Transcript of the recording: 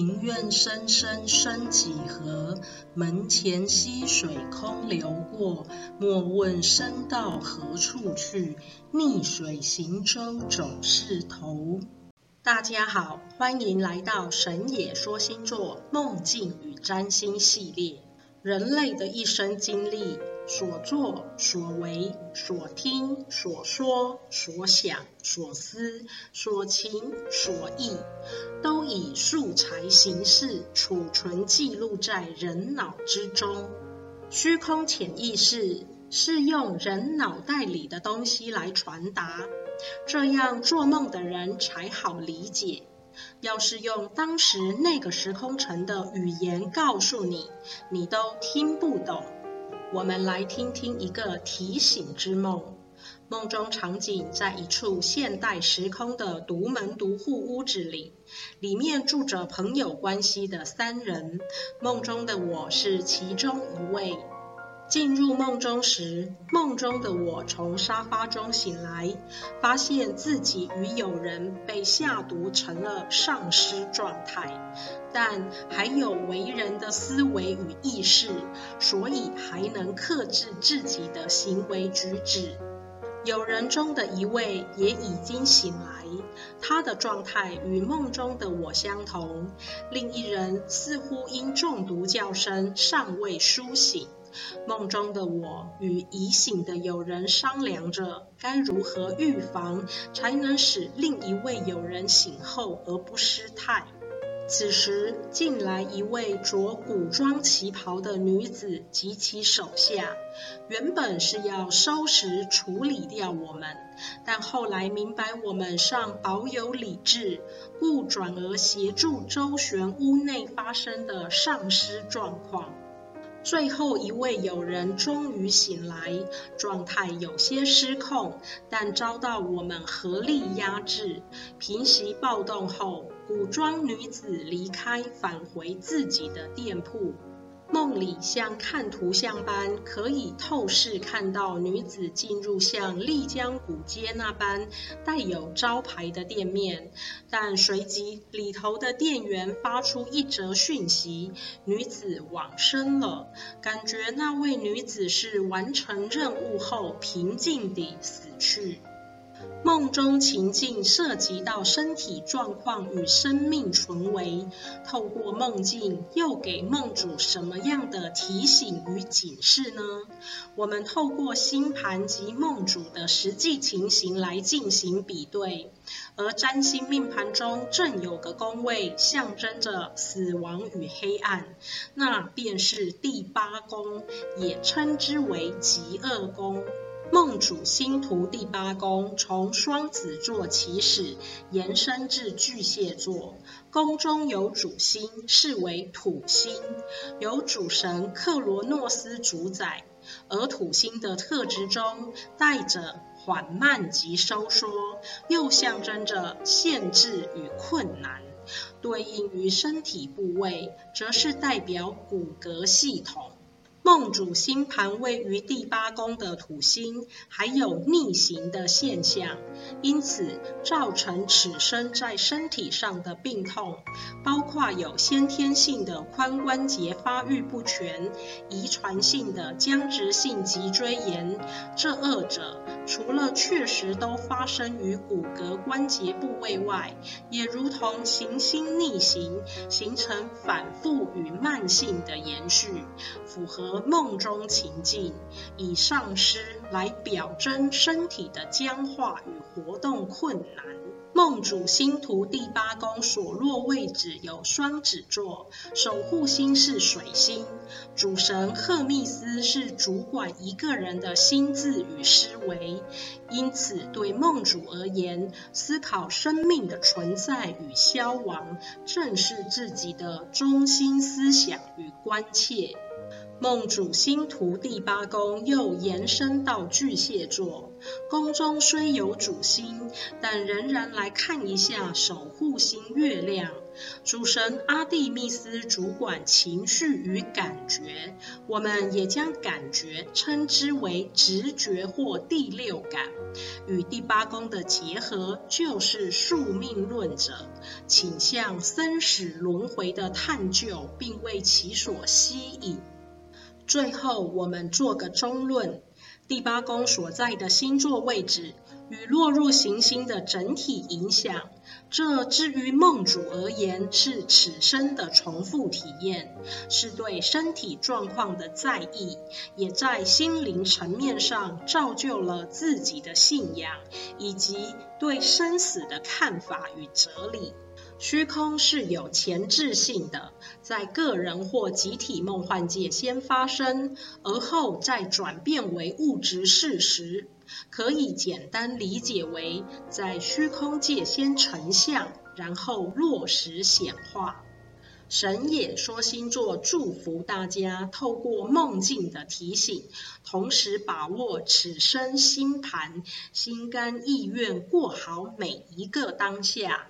庭院深深深幾何，門前溪水空流過。莫問身到何處去，逆水行舟總是頭。大家好，歡迎來到神野說星座、夢境與占星系列。人類的一生經歷所作所為、所聽所說、所想所思、所情所意。以素材形式儲存記錄在人腦之中。虛空潛意識是，是用人腦袋裡的東西來傳達，這樣做夢的人才好理解。要是用當時那個時空城的語言告訴你，你都聽不懂。我們來聽聽一個提醒之夢。夢中場景在一處現代時空的獨門獨戶屋子裡，裡面住着朋友關係的三人。夢中的我是其中一位。進入夢中時，夢中的我從沙發中醒來，發現自己與友人被下毒成了喪屍狀態，但還有為人的思維與意識，所以還能克制自己的行為舉止。友人中的一位也已經醒來，他的狀態與夢中的我相同。另一人似乎因中毒較深，尚未蘇醒。夢中的我與已醒的友人商量着，該如何預防，才能使另一位友人醒後而不失態。此時進來一位着古裝旗袍的女子及其手下，原本是要收拾處理掉我們，但後來明白我們尚保有理智，故轉而協助周旋屋內發生的喪屍狀況。最後一位友人終於醒來，狀態有些失控，但遭到我們合力壓制，平息暴動後，古裝女子離開，返回自己的店鋪。夢裡像看圖像般，可以透視看到女子進入像麗江古街那般帶有招牌的店面，但隨即裡頭的店員發出一則訊息：女子往生了。感覺那位女子是完成任務後平靜地死去。夢中情境涉及到身體狀況與生命存亡，透過夢境又給夢主什麼樣的提醒與警示呢？我們透過星盤及夢主的實際情形來進行比對，而占星命盤中正有個宮位象徵着死亡與黑暗，那便是第八宮，也稱之為極惡宮。夢主星圖第八宮從雙子座起始，延伸至巨蟹座。宮中有主星，是為土星，由主神克羅諾斯主宰。而土星的特質中，帶着緩慢及收縮，又象徵着限制與困難。對應於身體部位，則是代表骨骼系統。夢主星盤位於第八宮的土星，還有逆行的現象，因此造成此生在身體上的病痛，包括有先天性的髖關節發育不全、遺傳性的僵直性脊椎炎，這二者。除了確實都發生於骨骼關節部位外，也如同行星逆行，形成反復與慢性的延續，符合夢中情境。以喪屍來表徵身體的僵化與活動困難。夢主星圖第八宮所落位置有雙子座，守護星是水星。主神赫密斯是主管一個人的心智與思維，因此對夢主而言，思考生命的存在與消亡，正是自己的中心思想與關切。夢主星圖第八宮又延伸到巨蟹座，宮中雖有主星，但仍然來看一下守護星月亮。主神阿蒂密斯主管情緒與感覺，我們也將感覺稱之為直覺或第六感。與第八宮的結合就是宿命論者傾向生死輪回的探究，並為其所吸引。最後，我們做個總論。第八宮所在的星座位置與落入行星的整體影響，這至於夢主而言是此生的重複體驗，是對身體狀況的在意，也在心靈層面上造就了自己的信仰以及對生死的看法與哲理。虛空是有前置性的，在個人或集體夢幻界先發生，而後再轉變為物質事實。可以簡單理解為，在虛空界先成像，然後落實顯化。神野說星座祝福大家，透過夢境的提醒，同時把握此生星盤，心甘意願過好每一個當下。